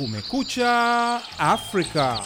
Kumekucha Afrika.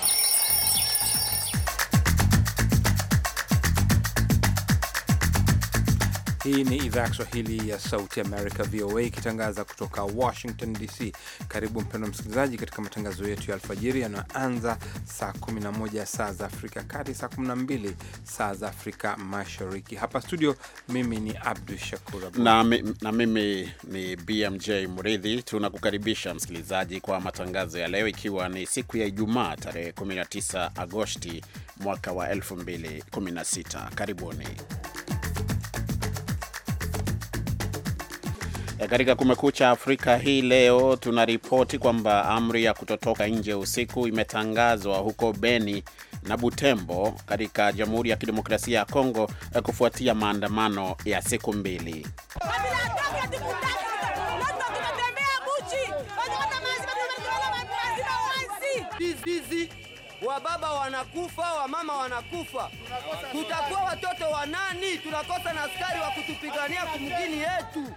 Hii ni idhaa ya Kiswahili ya Sauti Amerika, VOA, ikitangaza kutoka Washington DC. Karibu mpendwa msikilizaji, katika matangazo yetu ya alfajiri yanayoanza saa 11 saa za Afrika Kati, saa 12 saa za Afrika Mashariki. Hapa studio, mimi ni Abdu Shakur na, na mimi ni BMJ Muridhi. Tunakukaribisha msikilizaji kwa matangazo ya leo, ikiwa ni siku ya Ijumaa tarehe 19 Agosti mwaka wa 2016. Karibuni. Eh, katika Kumekucha Afrika hii leo tunaripoti kwamba amri ya kutotoka nje usiku imetangazwa huko Beni na Butembo katika Jamhuri ya Kidemokrasia ya Kongo eh, kufuatia maandamano ya siku mbili. Wababa wanakufa, wamama wanakufa, tutakuwa watoto wa nani? Tunakosa na askari wa kutupigania kumgini yetu.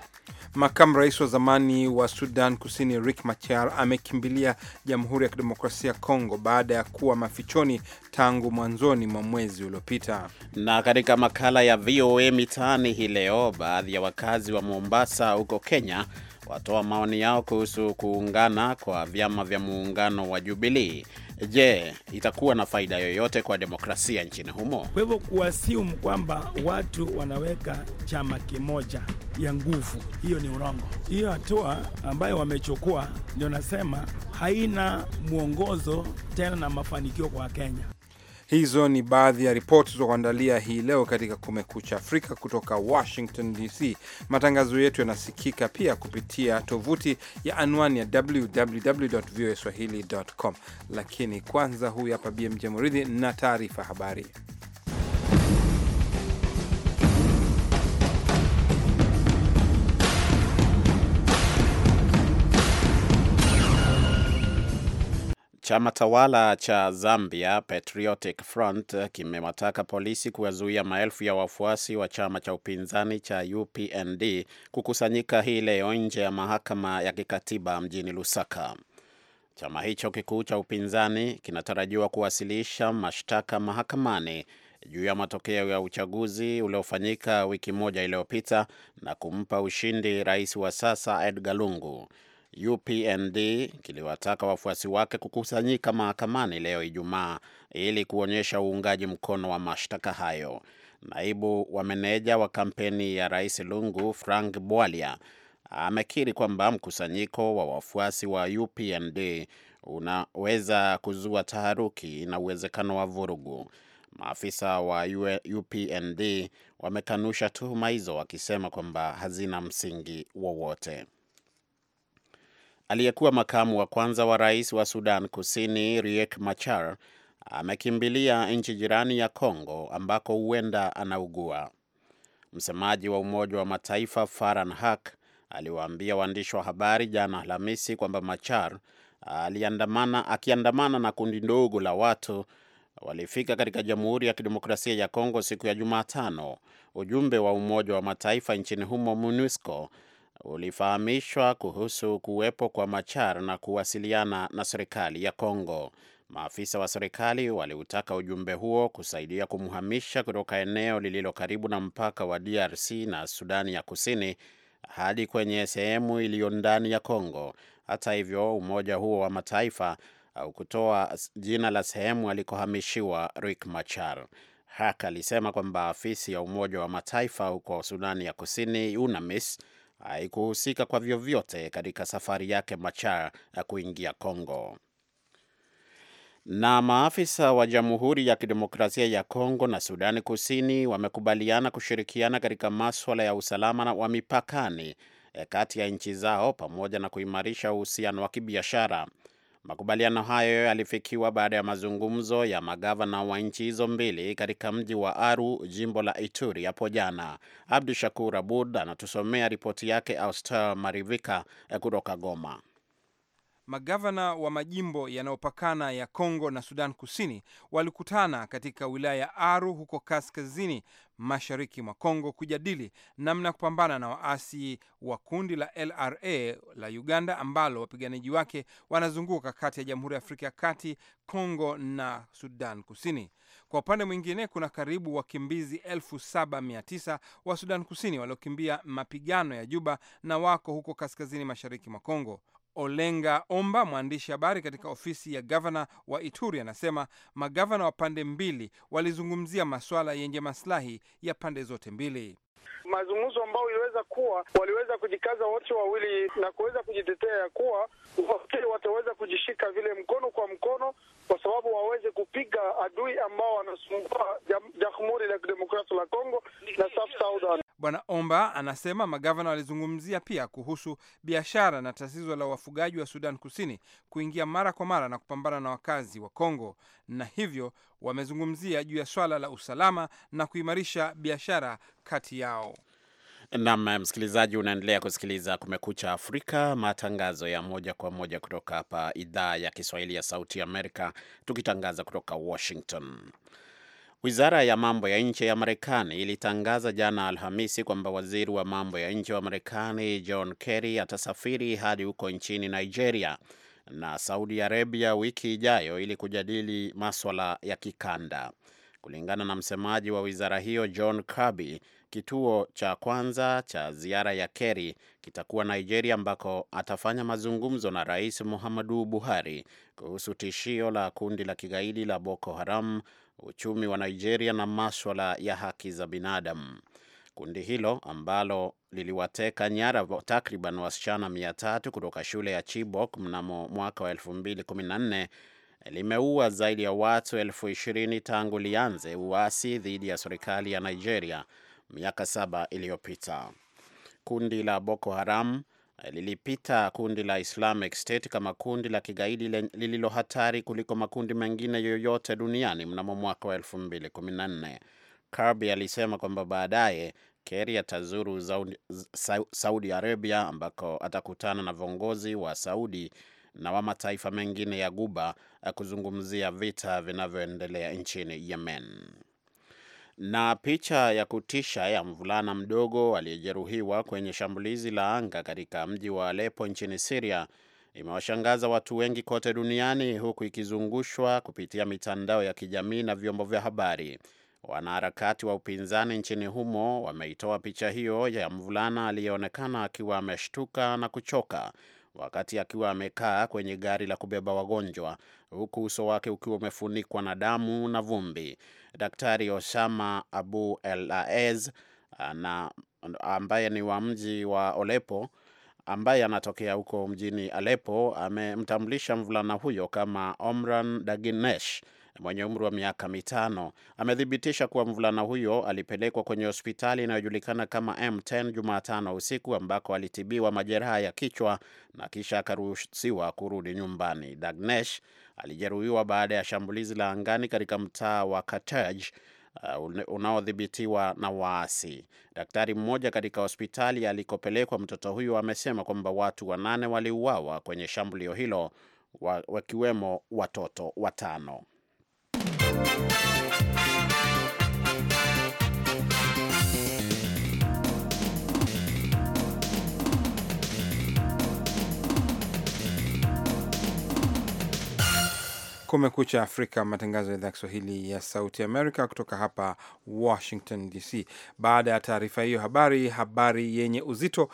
Makamu rais wa zamani wa Sudan Kusini rik Machar amekimbilia Jamhuri ya Kidemokrasia ya Kongo baada ya kuwa mafichoni tangu mwanzoni mwa mwezi uliopita. Na katika makala ya VOA Mitaani hii leo, baadhi ya wakazi wa Mombasa huko Kenya watoa maoni yao kuhusu kuungana kwa vyama vya muungano wa Jubilii. Je, itakuwa na faida yoyote kwa demokrasia nchini humo? Kwa hivyo kuasium kwamba watu wanaweka chama kimoja ya nguvu, hiyo ni urongo. Hiyo hatua ambayo wamechukua ndio nasema haina mwongozo tena na mafanikio kwa Wakenya. Hizo ni baadhi ya ripoti za kuandalia hii leo katika Kumekucha Afrika kutoka Washington DC. Matangazo yetu yanasikika pia kupitia tovuti ya anwani ya www voa swahili com, lakini kwanza, huyu hapa BMJ Muridhi na taarifa habari. Chama tawala cha Zambia Patriotic Front kimewataka polisi kuwazuia maelfu ya wafuasi wa chama cha upinzani cha UPND kukusanyika hii leo nje ya mahakama ya kikatiba mjini Lusaka. Chama hicho kikuu cha upinzani kinatarajiwa kuwasilisha mashtaka mahakamani juu ya matokeo ya uchaguzi uliofanyika wiki moja iliyopita na kumpa ushindi rais wa sasa Edgar Lungu. UPND kiliwataka wafuasi wake kukusanyika mahakamani leo Ijumaa ili kuonyesha uungaji mkono wa mashtaka hayo. Naibu wa meneja wa kampeni ya Rais Lungu Frank Bwalia amekiri kwamba mkusanyiko wa wafuasi wa UPND unaweza kuzua taharuki na uwezekano wa vurugu. Maafisa wa UPND wamekanusha tuhuma hizo wakisema kwamba hazina msingi wowote. Aliyekuwa makamu wa kwanza wa rais wa Sudan Kusini Riek Machar amekimbilia nchi jirani ya congo ambako huenda anaugua. Msemaji wa Umoja wa Mataifa faran hak aliwaambia waandishi wa habari jana Alhamisi kwamba Machar aliandamana, akiandamana na kundi ndogo la watu walifika katika Jamhuri ya Kidemokrasia ya Kongo siku ya Jumatano. Ujumbe wa Umoja wa Mataifa nchini humo MONUSCO ulifahamishwa kuhusu kuwepo kwa Machar na kuwasiliana na serikali ya Kongo. Maafisa wa serikali waliutaka ujumbe huo kusaidia kumhamisha kutoka eneo lililo karibu na mpaka wa DRC na Sudani ya Kusini hadi kwenye sehemu iliyo ndani ya Kongo. Hata hivyo, umoja huo wa Mataifa au kutoa jina la sehemu alikohamishiwa rick Machar. Hak alisema kwamba afisi ya Umoja wa Mataifa huko Sudani ya Kusini, UNAMIS, haikuhusika kwa vyovyote katika safari yake Machar ya kuingia Kongo. Na maafisa wa Jamhuri ya Kidemokrasia ya Kongo na Sudani Kusini wamekubaliana kushirikiana katika maswala ya usalama wa mipakani eh, kati ya nchi zao pamoja na kuimarisha uhusiano wa kibiashara. Makubaliano hayo yalifikiwa baada ya mazungumzo ya magavana wa nchi hizo mbili katika mji wa Aru, jimbo la Ituri, hapo jana. Abdu Shakur Abud anatusomea ripoti yake Auster Marivika eh, kutoka Goma magavana wa majimbo yanayopakana ya Kongo na Sudan Kusini walikutana katika wilaya ya Aru huko kaskazini mashariki mwa Kongo kujadili namna ya kupambana na waasi wa kundi la LRA la Uganda ambalo wapiganaji wake wanazunguka kati ya Jamhuri ya Afrika ya Kati, Kongo na Sudan Kusini. Kwa upande mwingine, kuna karibu wakimbizi 7900 wa Sudan Kusini waliokimbia mapigano ya Juba na wako huko kaskazini mashariki mwa Kongo. Olenga Omba, mwandishi habari katika ofisi ya gavana wa Ituri, anasema magavana wa pande mbili walizungumzia maswala yenye masilahi ya pande zote mbili. Mazungumzo ambayo iliweza kuwa waliweza kujikaza wote wawili na kuweza kujitetea ya kuwa wote wataweza kujishika vile mkono kwa mkono, kwa sababu waweze kupiga adui ambao wanasumbua Jamhuri ya Kidemokrasia la Kongo na South Sudan. Bwana Omba anasema magavana walizungumzia pia kuhusu biashara na tatizo la wafugaji wa Sudan Kusini kuingia mara kwa mara na kupambana na wakazi wa Kongo, na hivyo wamezungumzia juu ya swala la usalama na kuimarisha biashara kati yao. Nam msikilizaji, unaendelea kusikiliza Kumekucha Afrika, matangazo ya moja kwa moja kutoka hapa idhaa ya Kiswahili ya Sauti Amerika, tukitangaza kutoka Washington. Wizara ya mambo ya nje ya Marekani ilitangaza jana Alhamisi kwamba waziri wa mambo ya nje wa Marekani John Kerry atasafiri hadi huko nchini Nigeria na Saudi Arabia wiki ijayo ili kujadili maswala ya kikanda. Kulingana na msemaji wa wizara hiyo John Kirby, kituo cha kwanza cha ziara ya Kerry kitakuwa Nigeria, ambako atafanya mazungumzo na Rais Muhammadu Buhari kuhusu tishio la kundi la kigaidi la Boko Haram uchumi wa Nigeria na maswala ya haki za binadamu. Kundi hilo ambalo liliwateka nyara takriban wasichana mia tatu kutoka shule ya Chibok mnamo mwaka wa 2014 limeua zaidi ya watu elfu ishirini tangu lianze uasi dhidi ya serikali ya Nigeria miaka saba iliyopita. Kundi la Boko Haram lilipita kundi la Islamic State kama kundi la kigaidi lililo hatari kuliko makundi mengine yoyote duniani mnamo mwaka wa 2014. Kirby alisema kwamba baadaye Kerry atazuru Saudi Arabia ambako atakutana na viongozi wa Saudi na wa mataifa mengine ya Guba eh, kuzungumzia vita vinavyoendelea nchini Yemen. Na picha ya kutisha ya mvulana mdogo aliyejeruhiwa kwenye shambulizi la anga katika mji wa alepo nchini siria imewashangaza watu wengi kote duniani huku ikizungushwa kupitia mitandao ya kijamii na vyombo vya habari. Wanaharakati wa upinzani nchini humo wameitoa picha hiyo ya mvulana aliyeonekana akiwa ameshtuka na kuchoka wakati akiwa amekaa kwenye gari la kubeba wagonjwa huku uso wake ukiwa umefunikwa na damu na vumbi. Daktari Osama Abu El Aez na ambaye ni wa mji wa Olepo ambaye anatokea huko mjini Alepo amemtambulisha mvulana huyo kama Omran Daginesh mwenye umri wa miaka mitano amethibitisha kuwa mvulana huyo alipelekwa kwenye hospitali inayojulikana kama M10 Jumatano usiku ambako alitibiwa majeraha ya kichwa na kisha akaruhusiwa kurudi nyumbani. Dagnesh alijeruhiwa baada ya shambulizi la angani katika mtaa wa Kataj Uh, unaodhibitiwa na waasi. Daktari mmoja katika hospitali alikopelekwa mtoto huyo amesema kwamba watu wanane waliuawa kwenye shambulio hilo wakiwemo watoto watano. Kumekucha Afrika, matangazo ya idhaa Kiswahili ya Sauti Amerika kutoka hapa Washington DC. Baada ya taarifa hiyo, habari habari yenye uzito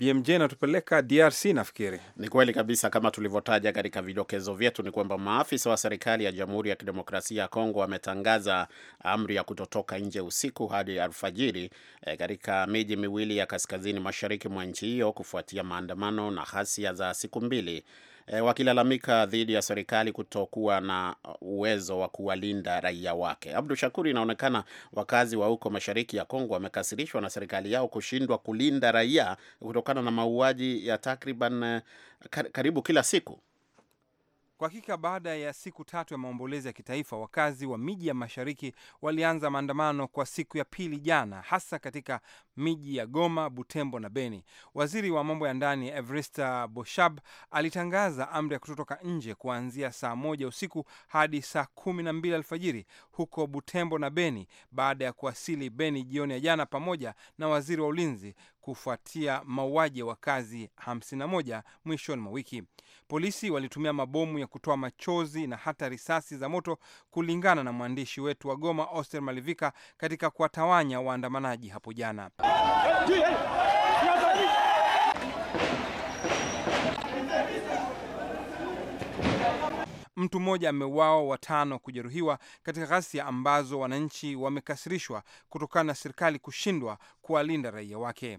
BMJ inatupeleka DRC nafikiri. Ni kweli kabisa, kama tulivyotaja katika vidokezo vyetu, ni kwamba maafisa wa serikali ya Jamhuri ya Kidemokrasia ya Kongo wametangaza amri ya kutotoka nje usiku hadi alfajiri e, katika miji miwili ya kaskazini mashariki mwa nchi hiyo kufuatia maandamano na ghasia za siku mbili e, wakilalamika dhidi ya serikali kutokuwa na uwezo wa kuwalinda raia wake. Abdu Shakur, inaonekana wakazi wa huko mashariki ya Kongo wamekasirishwa na serikali yao kushindwa kulinda raia kutokana na mauaji ya takriban e, karibu kila siku. Kwa hakika baada ya siku tatu ya maombolezi ya kitaifa, wakazi wa miji ya mashariki walianza maandamano kwa siku ya pili jana, hasa katika miji ya Goma, Butembo na Beni. Waziri wa mambo ya ndani Evrista Boshab alitangaza amri ya kutotoka nje kuanzia saa moja usiku hadi saa kumi na mbili alfajiri huko Butembo na Beni, baada ya kuwasili Beni jioni ya jana pamoja na waziri wa ulinzi kufuatia mauaji ya wakazi 51 mwishoni mwa wiki. Polisi walitumia mabomu ya kutoa machozi na hata risasi za moto, kulingana na mwandishi wetu wa Goma, Oster Malivika, katika kuwatawanya waandamanaji hapo jana. Mtu mmoja ameuawa, watano kujeruhiwa katika ghasia ambazo wananchi wamekasirishwa kutokana na serikali kushindwa kuwalinda raia wake.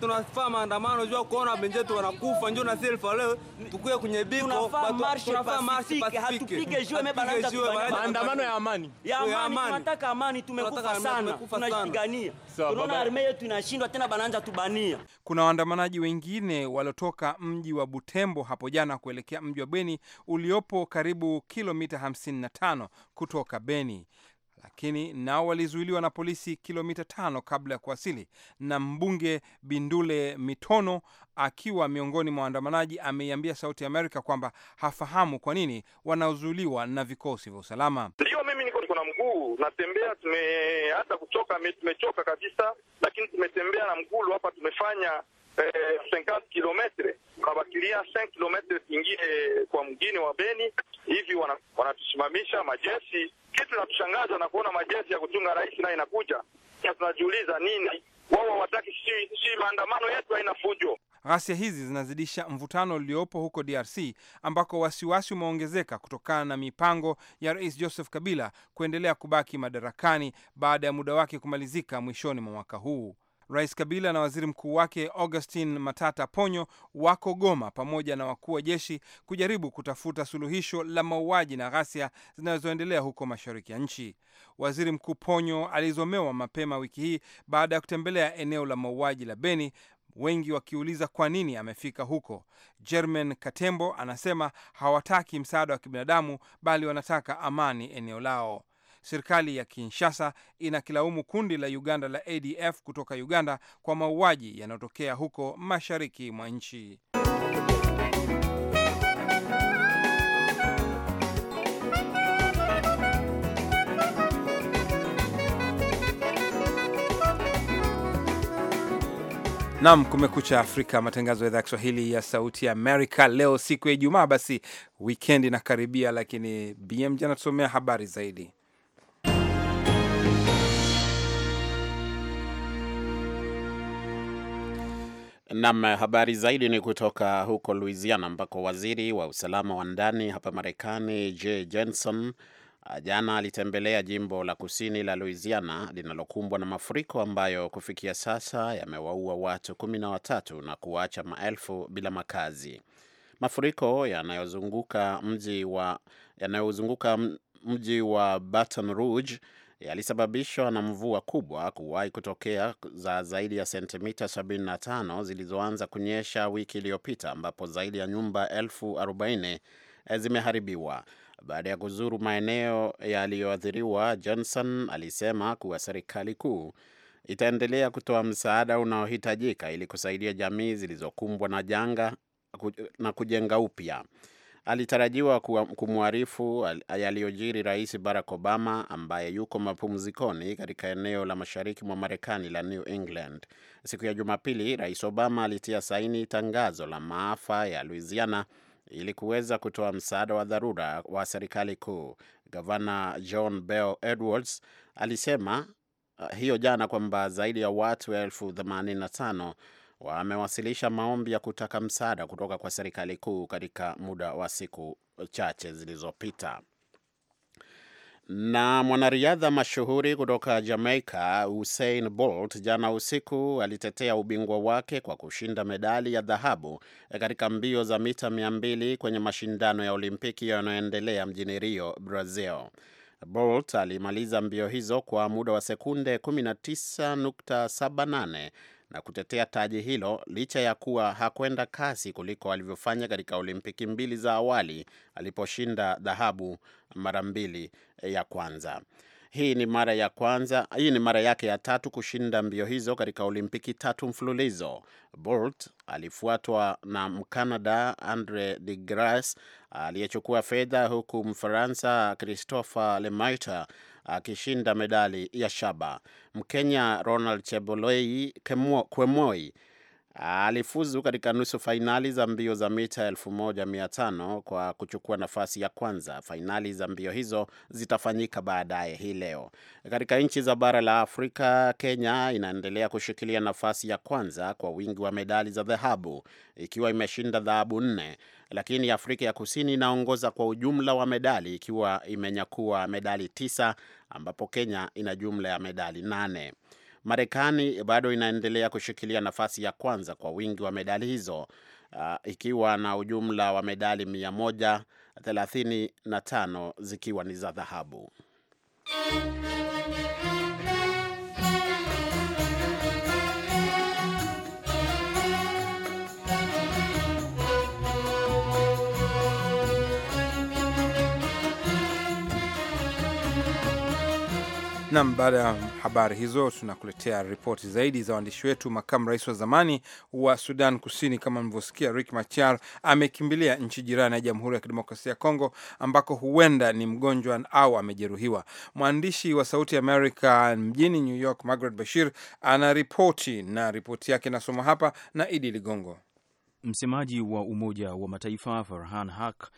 tunafaa maandamano jua kuona benjetu wanakufa, njo na selfa leo tukuye kwenye biko maandamano ya amani ya amani. Tunataka amani, tumekufa sana, tunajipigania, tunaona arme yetu inashindwa tena, bananja tubania. Kuna waandamanaji wengine waliotoka mji wa Butembo hapo jana kuelekea mji wa Beni uliopo karibu kilomita 55 kutoka Beni lakini nao walizuiliwa na polisi kilomita tano kabla ya kuwasili. Na mbunge Bindule Mitono akiwa miongoni mwa waandamanaji ameiambia Sauti ya Amerika kwamba hafahamu kwa nini wanaozuiliwa na vikosi vya usalama. Ndio mimi niko na mguu natembea, tume hata kuchoka, tumechoka kabisa, lakini tumetembea na mgulu hapa, tumefanya 50 eh, kilometre tunabakilia 5 kilometre zingine kwa mgini wa Beni hivi wanatusimamisha, wana majeshi kitu la kushangaza na kuona majeshi ya kuchunga rais nayo inakuja, na tunajiuliza nini wao hawataki, si, si maandamano yetu haina fujo. Ghasia hizi zinazidisha mvutano uliopo huko DRC ambako wasiwasi umeongezeka kutokana na mipango ya Rais Joseph Kabila kuendelea kubaki madarakani baada ya muda wake kumalizika mwishoni mwa mwaka huu. Rais Kabila na waziri mkuu wake Augustin Matata Ponyo wako Goma pamoja na wakuu wa jeshi kujaribu kutafuta suluhisho la mauaji na ghasia zinazoendelea huko mashariki ya nchi. Waziri Mkuu Ponyo alizomewa mapema wiki hii baada ya kutembelea eneo la mauaji la Beni, wengi wakiuliza kwa nini amefika huko. German Katembo anasema hawataki msaada wa kibinadamu, bali wanataka amani eneo lao. Serikali ya Kinshasa inakilaumu kundi la Uganda la ADF kutoka Uganda kwa mauaji yanayotokea huko mashariki mwa nchi. Nam, Kumekucha Afrika, matangazo ya idhaa ya Kiswahili ya Sauti ya Amerika. Leo siku ya Ijumaa, basi wikendi inakaribia, lakini BMJ anatusomea habari zaidi. Nam, habari zaidi ni kutoka huko Louisiana ambako waziri wa usalama wa ndani hapa Marekani Jay Johnson jana alitembelea jimbo la kusini la Louisiana linalokumbwa na mafuriko ambayo kufikia sasa yamewaua watu kumi na watatu na kuwaacha maelfu bila makazi. Mafuriko yanayozunguka mji wa yanayozunguka mji wa Baton Rouge yalisababishwa na mvua kubwa kuwahi kutokea za zaidi ya sentimita 75 zilizoanza kunyesha wiki iliyopita ambapo zaidi ya nyumba elfu eh, zimeharibiwa. Baada ya kuzuru maeneo yaliyoathiriwa, Johnson alisema kuwa serikali kuu itaendelea kutoa msaada unaohitajika ili kusaidia jamii zilizokumbwa na janga na kujenga upya alitarajiwa kumwarifu yaliyojiri Rais Barack Obama ambaye yuko mapumzikoni katika eneo la mashariki mwa Marekani la New England. Siku ya Jumapili, Rais Obama alitia saini tangazo la maafa ya Louisiana ili kuweza kutoa msaada wa dharura wa serikali kuu. Gavana John Bell Edwards alisema ah, hiyo jana kwamba zaidi ya watu elfu 85 wamewasilisha maombi ya kutaka msaada kutoka kwa serikali kuu katika muda wa siku chache zilizopita. Na mwanariadha mashuhuri kutoka Jamaica Usain Bolt jana usiku alitetea ubingwa wake kwa kushinda medali ya dhahabu katika mbio za mita 200 kwenye mashindano ya Olimpiki yanayoendelea mjini Rio, Brazil. Bolt alimaliza mbio hizo kwa muda wa sekunde 19.78 na kutetea taji hilo licha ya kuwa hakwenda kasi kuliko alivyofanya katika Olimpiki mbili za awali aliposhinda dhahabu mara mbili eh, ya kwanza. Hii ni mara ya kwanza, hii ni mara yake ya tatu kushinda mbio hizo katika Olimpiki tatu mfululizo. Bolt alifuatwa na Mkanada Andre de Grasse aliyechukua fedha, huku Mfaransa Christopher Lemaitre akishinda medali ya shaba. Mkenya Ronald Cheboloi Kwemoi alifuzu katika nusu fainali za mbio za mita 1500 kwa kuchukua nafasi ya kwanza. Fainali za mbio hizo zitafanyika baadaye hii leo. Katika nchi za bara la Afrika, Kenya inaendelea kushikilia nafasi ya kwanza kwa wingi wa medali za dhahabu ikiwa imeshinda dhahabu nne lakini Afrika ya Kusini inaongoza kwa ujumla wa medali ikiwa imenyakua medali tisa ambapo Kenya ina jumla ya medali nane. Marekani bado inaendelea kushikilia nafasi ya kwanza kwa wingi wa medali hizo uh, ikiwa na ujumla wa medali 135 zikiwa ni za dhahabu. Nam, baada ya habari hizo tunakuletea ripoti zaidi za waandishi wetu. Makamu rais wa zamani wa Sudan Kusini, kama mlivyosikia, rik Machar amekimbilia nchi jirani ya Jamhuri ya Kidemokrasia ya Kongo, ambako huenda ni mgonjwa au amejeruhiwa. Mwandishi wa Sauti ya Amerika mjini New York, Margaret Bashir anaripoti, na ripoti yake inasoma hapa na Idi Ligongo. Msemaji wa Umoja wa Mataifa Farhan Haq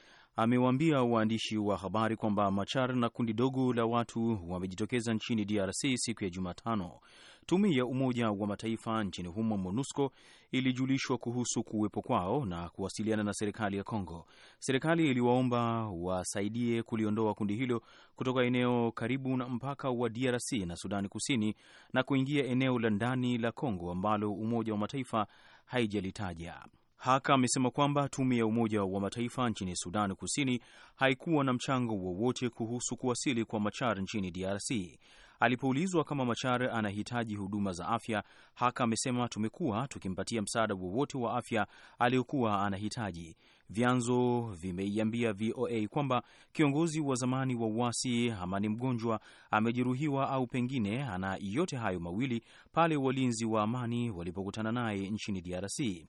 amewaambia waandishi wa habari kwamba Machar na kundi dogo la watu wamejitokeza nchini DRC siku ya Jumatano. Tume ya Umoja wa Mataifa nchini humo MONUSCO ilijulishwa kuhusu kuwepo kwao na kuwasiliana na serikali ya Kongo. Serikali iliwaomba wasaidie kuliondoa kundi hilo kutoka eneo karibu na mpaka wa DRC na Sudani Kusini na kuingia eneo la ndani la congo ambalo Umoja wa Mataifa haijalitaja. Haka amesema kwamba tume ya Umoja wa Mataifa nchini Sudan Kusini haikuwa na mchango wowote kuhusu kuwasili kwa Machar nchini DRC. Alipoulizwa kama Machar anahitaji huduma za afya, Haka amesema tumekuwa tukimpatia msaada wowote wa afya aliyokuwa anahitaji. Vyanzo vimeiambia VOA kwamba kiongozi wa zamani wa uasi Hamani Mgonjwa amejeruhiwa au pengine ana yote hayo mawili pale walinzi wa amani walipokutana naye nchini DRC.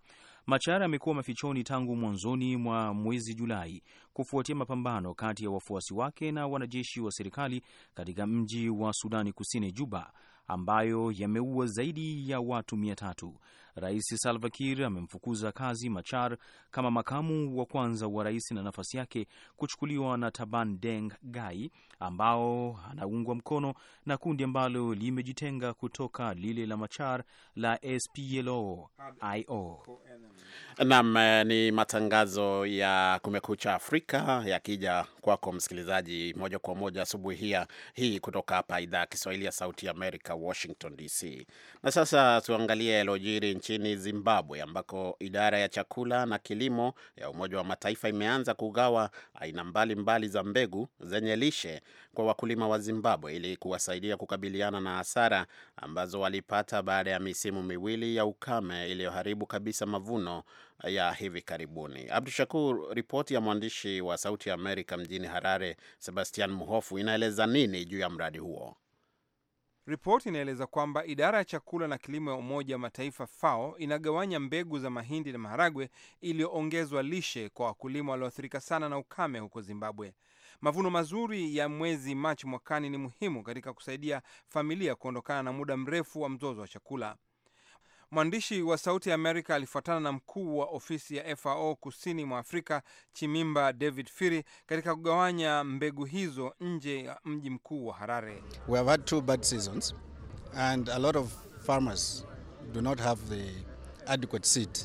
Machar amekuwa mafichoni tangu mwanzoni mwa mwezi Julai kufuatia mapambano kati ya wafuasi wake na wanajeshi wa serikali katika mji wa Sudani Kusini, Juba, ambayo yameua zaidi ya watu mia tatu. Rais Salva Kiir amemfukuza kazi Machar kama makamu wa kwanza wa rais na nafasi yake kuchukuliwa na Taban Deng Gai ambao anaungwa mkono na kundi ambalo limejitenga kutoka lile la Machar la SPLO IO. Naam, eh, ni matangazo ya Kumekucha Afrika yakija kwako msikilizaji, moja kwa moja asubuhi hii kutoka hapa idhaa ya Kiswahili ya Sauti ya Amerika, Washington DC. Na sasa tuangalie yaliyojiri nchini Zimbabwe ambako idara ya chakula na kilimo ya Umoja wa Mataifa imeanza kugawa aina mbalimbali za mbegu zenye lishe kwa wakulima wa Zimbabwe ili kuwasaidia kukabiliana na hasara ambazo walipata baada ya misimu miwili ya ukame iliyoharibu kabisa mavuno ya hivi karibuni. Abdu Shakur, ripoti ya mwandishi wa Sauti ya Amerika mjini Harare Sebastian Muhofu inaeleza nini juu ya mradi huo? Ripoti inaeleza kwamba idara ya chakula na kilimo ya Umoja wa Mataifa FAO inagawanya mbegu za mahindi na maharagwe iliyoongezwa lishe kwa wakulima walioathirika sana na ukame huko Zimbabwe. Mavuno mazuri ya mwezi Machi mwakani ni muhimu katika kusaidia familia kuondokana na muda mrefu wa mzozo wa chakula. Mwandishi wa Sauti ya Amerika alifuatana na mkuu wa ofisi ya FAO kusini mwa Afrika, Chimimba David Firi, katika kugawanya mbegu hizo nje ya mji mkuu wa Harare. We have had two bad seasons and a lot of farmers do not have the adequate seed.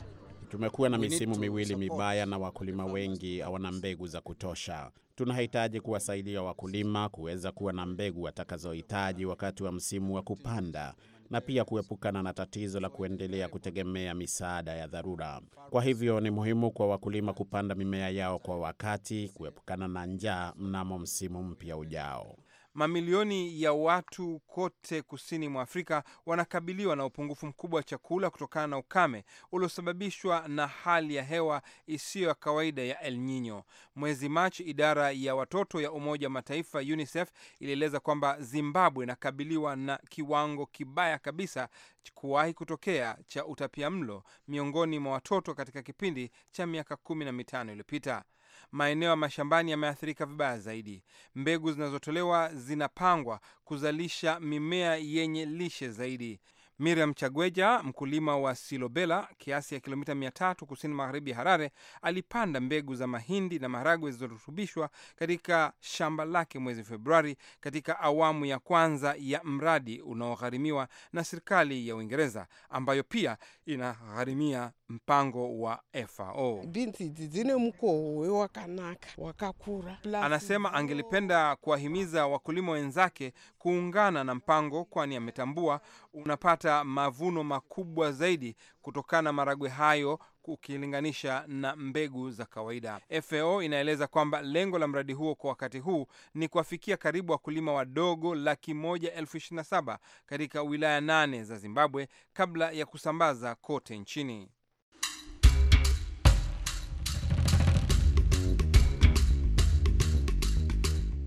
Tumekuwa na misimu miwili mibaya na wakulima wengi hawana mbegu za kutosha. Tunahitaji kuwasaidia wakulima kuweza kuwa na mbegu watakazohitaji wakati wa msimu wa kupanda na pia kuepukana na tatizo la kuendelea kutegemea misaada ya dharura. Kwa hivyo ni muhimu kwa wakulima kupanda mimea yao kwa wakati, kuepukana na njaa mnamo msimu mpya ujao. Mamilioni ya watu kote kusini mwa Afrika wanakabiliwa na upungufu mkubwa wa chakula kutokana na ukame uliosababishwa na hali ya hewa isiyo ya kawaida ya El Nino. Mwezi Machi, idara ya watoto ya Umoja wa Mataifa UNICEF ilieleza kwamba Zimbabwe inakabiliwa na kiwango kibaya kabisa kuwahi kutokea cha utapia mlo miongoni mwa watoto katika kipindi cha miaka kumi na mitano iliyopita maeneo ya mashambani yameathirika vibaya zaidi. Mbegu zinazotolewa zinapangwa kuzalisha mimea yenye lishe zaidi. Miriam Chagweja, mkulima wa Silobela, kiasi ya kilomita 300 kusini magharibi ya Harare, alipanda mbegu za mahindi na maharagwe zilizorutubishwa katika shamba lake mwezi Februari, katika awamu ya kwanza ya mradi unaogharimiwa na serikali ya Uingereza, ambayo pia inagharimia mpango wa FAO. Anasema angelipenda kuwahimiza wakulima wenzake kuungana na mpango, kwani ametambua unapata mavuno makubwa zaidi kutokana na maragwe hayo ukilinganisha na mbegu za kawaida. FAO inaeleza kwamba lengo la mradi huo kwa wakati huu ni kuwafikia karibu wakulima wadogo laki moja elfu ishirini na saba katika wilaya nane za Zimbabwe kabla ya kusambaza kote nchini.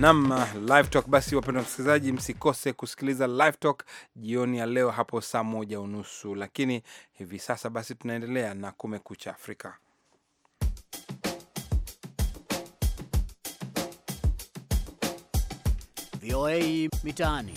Nam Live Talk. Basi wapendwa msikilizaji, msikose kusikiliza Live Talk jioni ya leo hapo saa moja unusu. Lakini hivi sasa basi tunaendelea na Kumekucha Afrika. VOA Mitaani.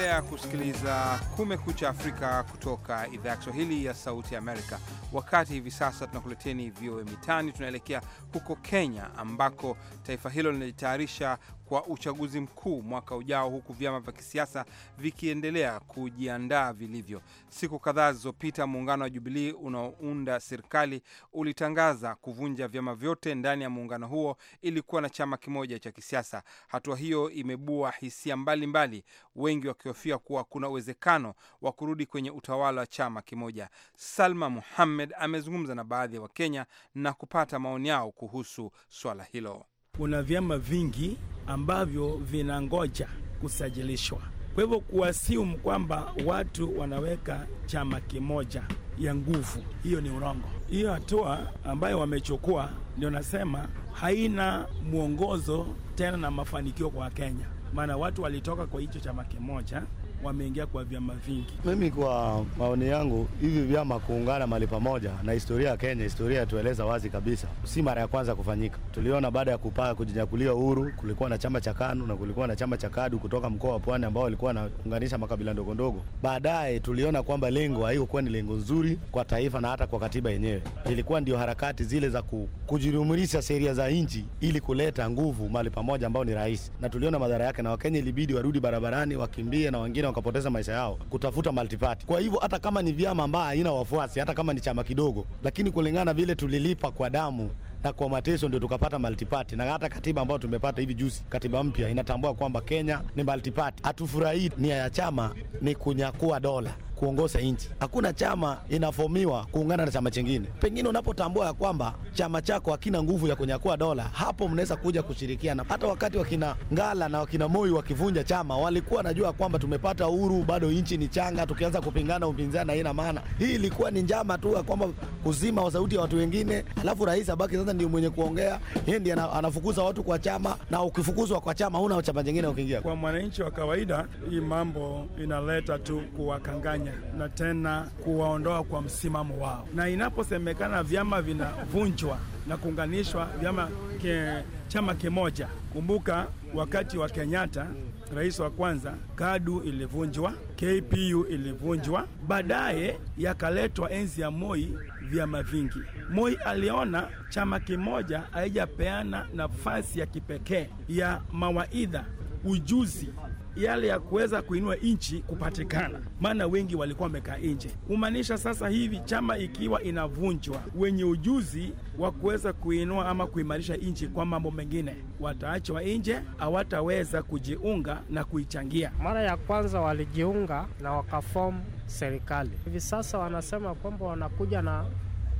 Unaendelea kusikiliza Kumekucha Afrika kutoka idhaa ya Kiswahili ya Sauti Amerika. Wakati hivi sasa tunakuleteni VOA Mitaani. Tunaelekea huko Kenya, ambako taifa hilo linajitayarisha kwa uchaguzi mkuu mwaka ujao, huku vyama vya kisiasa vikiendelea kujiandaa vilivyo. Siku kadhaa zilizopita, muungano wa Jubilii unaounda serikali ulitangaza kuvunja vyama vyote ndani ya muungano huo ili kuwa na chama kimoja cha kisiasa. Hatua hiyo imebua hisia mbalimbali mbali, wengi wakihofia kuwa kuna uwezekano wa kurudi kwenye utawala wa chama kimoja. Salma Muhammed amezungumza na baadhi ya Wakenya na kupata maoni yao kuhusu swala hilo kuna vyama vingi ambavyo vinangoja kusajilishwa. Kwa hivyo kuasiumu kwamba watu wanaweka chama kimoja ya nguvu, hiyo ni urongo. Hiyo hatua ambayo wamechukua ndio nasema haina mwongozo tena na mafanikio kwa Wakenya, maana watu walitoka kwa hicho chama kimoja wameingia kwa vyama vingi. Mimi kwa maoni yangu, hivi vyama kuungana mali pamoja, na historia ya Kenya, historia yatueleza wazi kabisa, si mara ya kwanza kufanyika. Tuliona baada ya kupaa kujinyakulia uhuru, kulikuwa na chama cha KANU na kulikuwa na chama cha KADU kutoka mkoa wa Pwani ambao walikuwa wanaunganisha makabila ndogondogo. Baadaye tuliona kwamba lengo haikuwa ni lengo nzuri kwa taifa na hata kwa katiba yenyewe, ilikuwa ndio harakati zile za kujirumurisha sheria za nchi ili kuleta nguvu mali pamoja, ambao ni rahisi, na tuliona madhara yake, na Wakenya ilibidi warudi barabarani wakimbie na wengine wakapoteza maisha yao kutafuta multiparty. Kwa hivyo hata kama ni vyama ambayo haina wafuasi, hata kama ni chama kidogo, lakini kulingana vile tulilipa kwa damu na kwa mateso ndio tukapata multiparty, na hata katiba ambayo tumepata hivi juzi, katiba mpya inatambua kwamba Kenya ni multiparty. Hatufurahii nia ya chama ni kunyakua dola kuongoza nchi. Hakuna chama inafomiwa kuungana na chama chingine. Pengine unapotambua ya kwamba chama chako hakina nguvu ya kunyakua dola, hapo mnaweza kuja kushirikiana. Hata wakati wakina Ngala na wakina Moi wakivunja chama, walikuwa najua kwamba tumepata uhuru, bado nchi ni changa, tukianza kupingana upinzani haina maana. Hii ilikuwa ni njama tu ya kwamba kuzima sauti ya watu wengine, alafu rais abaki sasa ndio mwenye kuongea, yeye ndiye anafukuza watu kwa chama, na ukifukuzwa kwa chama huna chama chingine ukiingia. Kwa mwananchi wa kawaida, hii mambo inaleta tu kuwakanganya Kenya na tena kuwaondoa kwa msimamo wao, na inaposemekana vyama vinavunjwa na kuunganishwa vyama ke, chama kimoja. Kumbuka wakati wa Kenyatta rais wa kwanza, KADU ilivunjwa, KPU ilivunjwa, baadaye yakaletwa enzi ya Moi vyama vingi. Moi aliona chama kimoja haijapeana nafasi ya kipekee ya mawaidha, ujuzi yale ya kuweza kuinua nchi kupatikana, maana wengi walikuwa wamekaa nje. Kumaanisha sasa hivi chama ikiwa inavunjwa, wenye ujuzi wa kuweza kuinua ama kuimarisha nchi kwa mambo mengine wataachwa nje, hawataweza kujiunga na kuichangia. Mara ya kwanza walijiunga na wakafomu serikali. Hivi sasa wanasema kwamba wanakuja na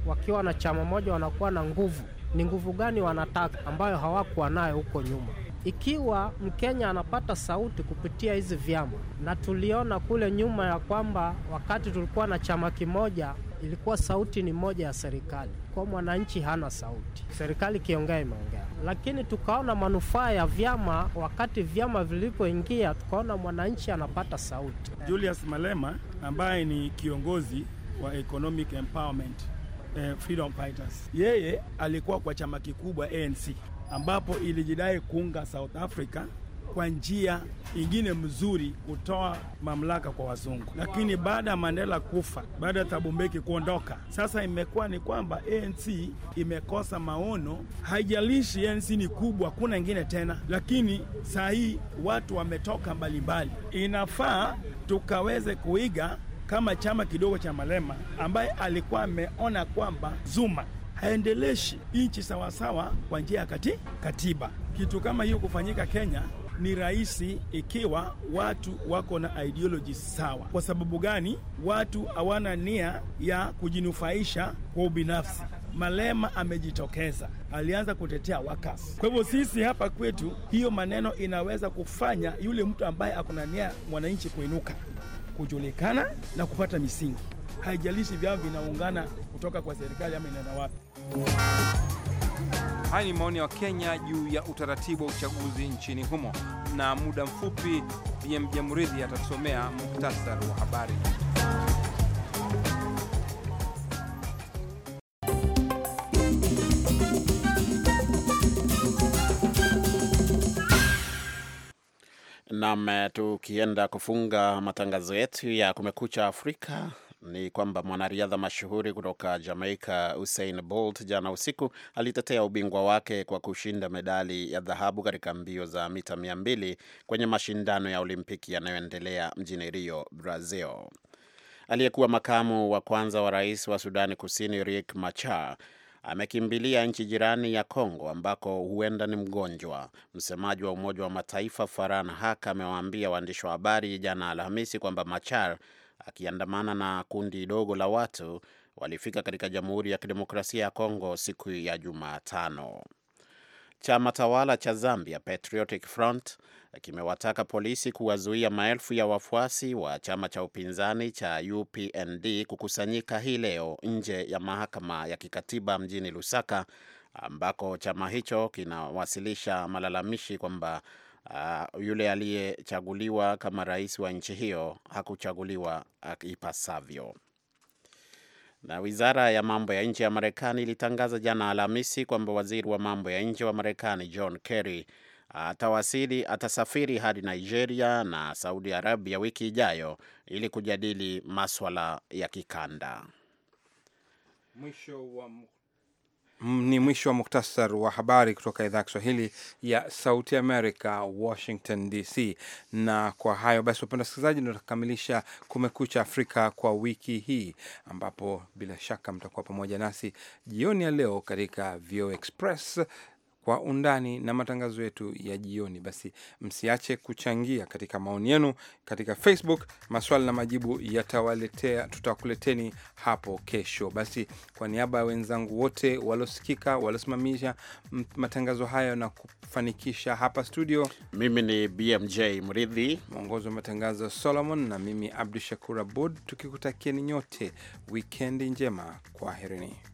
wakiwa na chama moja wanakuwa na nguvu. Ni nguvu gani wanataka ambayo hawakuwa nayo huko nyuma? ikiwa Mkenya anapata sauti kupitia hizi vyama, na tuliona kule nyuma ya kwamba wakati tulikuwa na chama kimoja ilikuwa sauti ni moja ya serikali, kwa mwananchi hana sauti, serikali ikiongea imeongea. Lakini tukaona manufaa ya vyama wakati vyama vilivyoingia, tukaona mwananchi anapata sauti. Julius Malema ambaye ni kiongozi wa Economic Empowerment eh, Freedom Fighters, yeye alikuwa kwa chama kikubwa ANC, ambapo ilijidai kuunga South Africa kwa njia ingine mzuri kutoa mamlaka kwa wazungu, lakini baada ya Mandela kufa, baada ya Thabo Mbeki kuondoka, sasa imekuwa ni kwamba ANC imekosa maono. Haijalishi ANC ni kubwa, kuna ingine tena, lakini saa hii watu wametoka mbalimbali, inafaa tukaweze kuiga kama chama kidogo cha Malema ambaye alikuwa ameona kwamba Zuma haendeleshi nchi sawasawa kwa njia ya kati, katiba. Kitu kama hiyo kufanyika Kenya ni rahisi ikiwa watu wako na ideology sawa. Kwa sababu gani? Watu hawana nia ya kujinufaisha kwa ubinafsi. Malema amejitokeza, alianza kutetea wakas. Kwa hivyo sisi hapa kwetu, hiyo maneno inaweza kufanya yule mtu ambaye akona nia mwananchi kuinuka, kujulikana na kupata misingi, haijalishi vyao vinaungana kutoka kwa serikali ama inaenda wapi. Haya ni maoni ya Wakenya juu ya utaratibu wa uchaguzi nchini humo, na muda mfupi BMJ Muridhi atatusomea muhtasari wa habari. Nam, tukienda kufunga matangazo yetu ya Kumekucha Afrika ni kwamba mwanariadha mashuhuri kutoka Jamaica Usain Bolt jana usiku alitetea ubingwa wake kwa kushinda medali ya dhahabu katika mbio za mita 200 kwenye mashindano ya Olimpiki yanayoendelea mjini Rio, Brazil. Aliyekuwa makamu wa kwanza wa rais wa Sudani Kusini Riek Machar amekimbilia nchi jirani ya Kongo ambako huenda ni mgonjwa. Msemaji wa Umoja wa Mataifa Farhan Hak amewaambia waandishi wa habari jana Alhamisi kwamba Machar akiandamana na kundi dogo la watu walifika katika Jamhuri ya Kidemokrasia ya Kongo siku ya Jumatano. Chama tawala cha Zambia Patriotic Front kimewataka polisi kuwazuia maelfu ya wafuasi wa chama cha upinzani cha UPND kukusanyika hii leo nje ya mahakama ya kikatiba mjini Lusaka ambako chama hicho kinawasilisha malalamishi kwamba uh, yule aliyechaguliwa kama rais wa nchi hiyo hakuchaguliwa ah, ipasavyo. Na wizara ya mambo ya nje ya Marekani ilitangaza jana Alhamisi kwamba waziri wa mambo ya nje wa Marekani John Kerry atawasili atasafiri hadi Nigeria na Saudi Arabia wiki ijayo ili kujadili maswala ya kikanda. Mwisho wa ni mwisho wa muktasar wa habari kutoka idhaa ya Kiswahili ya Sauti Amerika, Washington DC. Na kwa hayo basi, wapenda wasikilizaji, ndio tutakamilisha Kumekucha Afrika kwa wiki hii, ambapo bila shaka mtakuwa pamoja nasi jioni ya leo katika VOA Express kwa undani na matangazo yetu ya jioni. Basi msiache kuchangia katika maoni yenu katika Facebook. Maswali na majibu yatawaletea, tutakuleteni hapo kesho. Basi kwa niaba ya wenzangu wote waliosikika, waliosimamisha matangazo hayo na kufanikisha hapa studio, mimi ni BMJ Mridhi, mwongozi wa matangazo Solomon, na mimi Abdu Shakur Abud, tukikutakieni nyote wikendi njema. Kwaherini.